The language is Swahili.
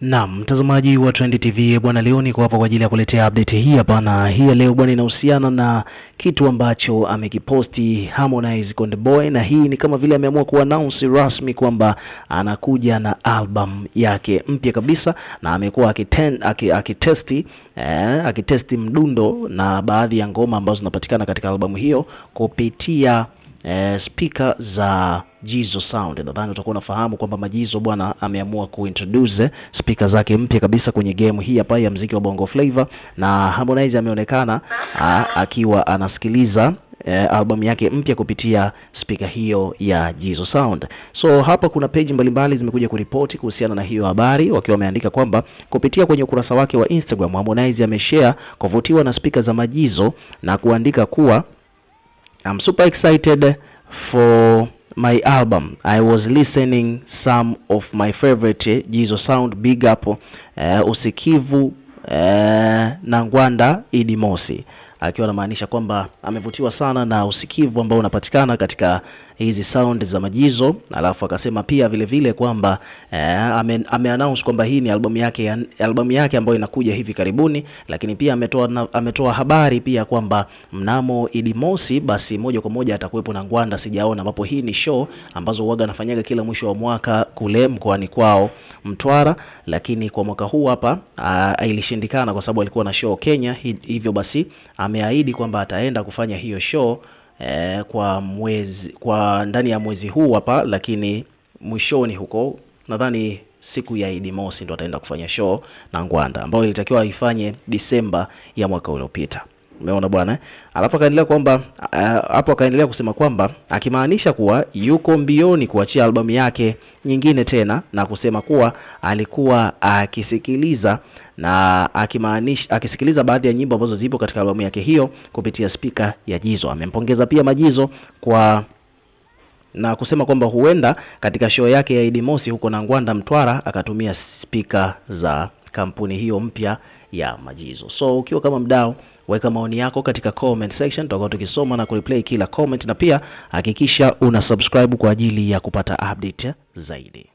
Naam, mtazamaji wa Trend TV bwana, leo niko hapa kwa ajili ya kuletea update hii hapa, na hii leo bwana, inahusiana na kitu ambacho amekiposti Harmonize Konde Boy, na hii ni kama vile ameamua kuannounce rasmi kwamba anakuja na album yake mpya kabisa, na amekuwa akitesti akitesti eh, akitesti mdundo na baadhi ya ngoma ambazo zinapatikana katika albamu hiyo kupitia eh, spika za Jizo Sound. Nadhani utakuwa unafahamu kwamba Majizo bwana ameamua kuintroduce spika zake mpya kabisa kwenye game hii hapa ya mziki wa Bongo Flavor, na Harmonize ameonekana ah, akiwa anasikiliza eh, albamu yake mpya kupitia spika hiyo ya Jizo Sound. So hapa kuna peji mbalimbali zimekuja kuripoti kuhusiana na hiyo habari, wakiwa wameandika kwamba kupitia kwenye ukurasa wake wa Instagram Harmonize ameshare kuvutiwa na spika za Majizo na kuandika kuwa I'm super excited for my album. I was listening some of my favorite eh, Jizo Sound, big up uh, Usikivu uh, na Ngwanda Idi Mosi akiwa anamaanisha kwamba amevutiwa sana na usikivu ambao unapatikana katika hizi sound za majizo, alafu akasema pia vile vile kwamba eh, ame, ame announce kwamba hii ni albamu yake albamu yake ambayo inakuja hivi karibuni, lakini pia ametoa ametoa habari pia kwamba mnamo Idi Mosi basi moja kwa moja atakuwepo na Ngwanda Sijaona, ambapo hii ni show ambazo huaga anafanyaga kila mwisho wa mwaka kule mkoani kwao. Mtwara, lakini kwa mwaka huu hapa ilishindikana kwa sababu alikuwa na show Kenya. Hivyo basi ameahidi kwamba ataenda kufanya hiyo show e, kwa mwezi kwa ndani ya mwezi huu hapa, lakini mwishoni huko nadhani siku ya Idi Mosi ndo ataenda kufanya show na Ngwanda ambayo ilitakiwa aifanye Disemba ya mwaka uliopita. Umeona bwana, eh? alafu akaendelea kwamba hapo akaendelea kusema kwamba akimaanisha kuwa yuko mbioni kuachia albamu yake nyingine tena na kusema kuwa alikuwa akisikiliza na akimaanisha akisikiliza baadhi ya nyimbo ambazo zipo katika albamu yake hiyo kupitia spika ya Jizo. Amempongeza pia Majizo kwa na kusema kwamba huenda katika show yake ya Idi Mosi huko ngwanda Mtwara akatumia spika za kampuni hiyo mpya ya Majizo. So ukiwa kama mdau Weka maoni yako katika comment section, tutakuwa tukisoma na kureplay kila comment, na pia hakikisha una subscribe kwa ajili ya kupata update zaidi.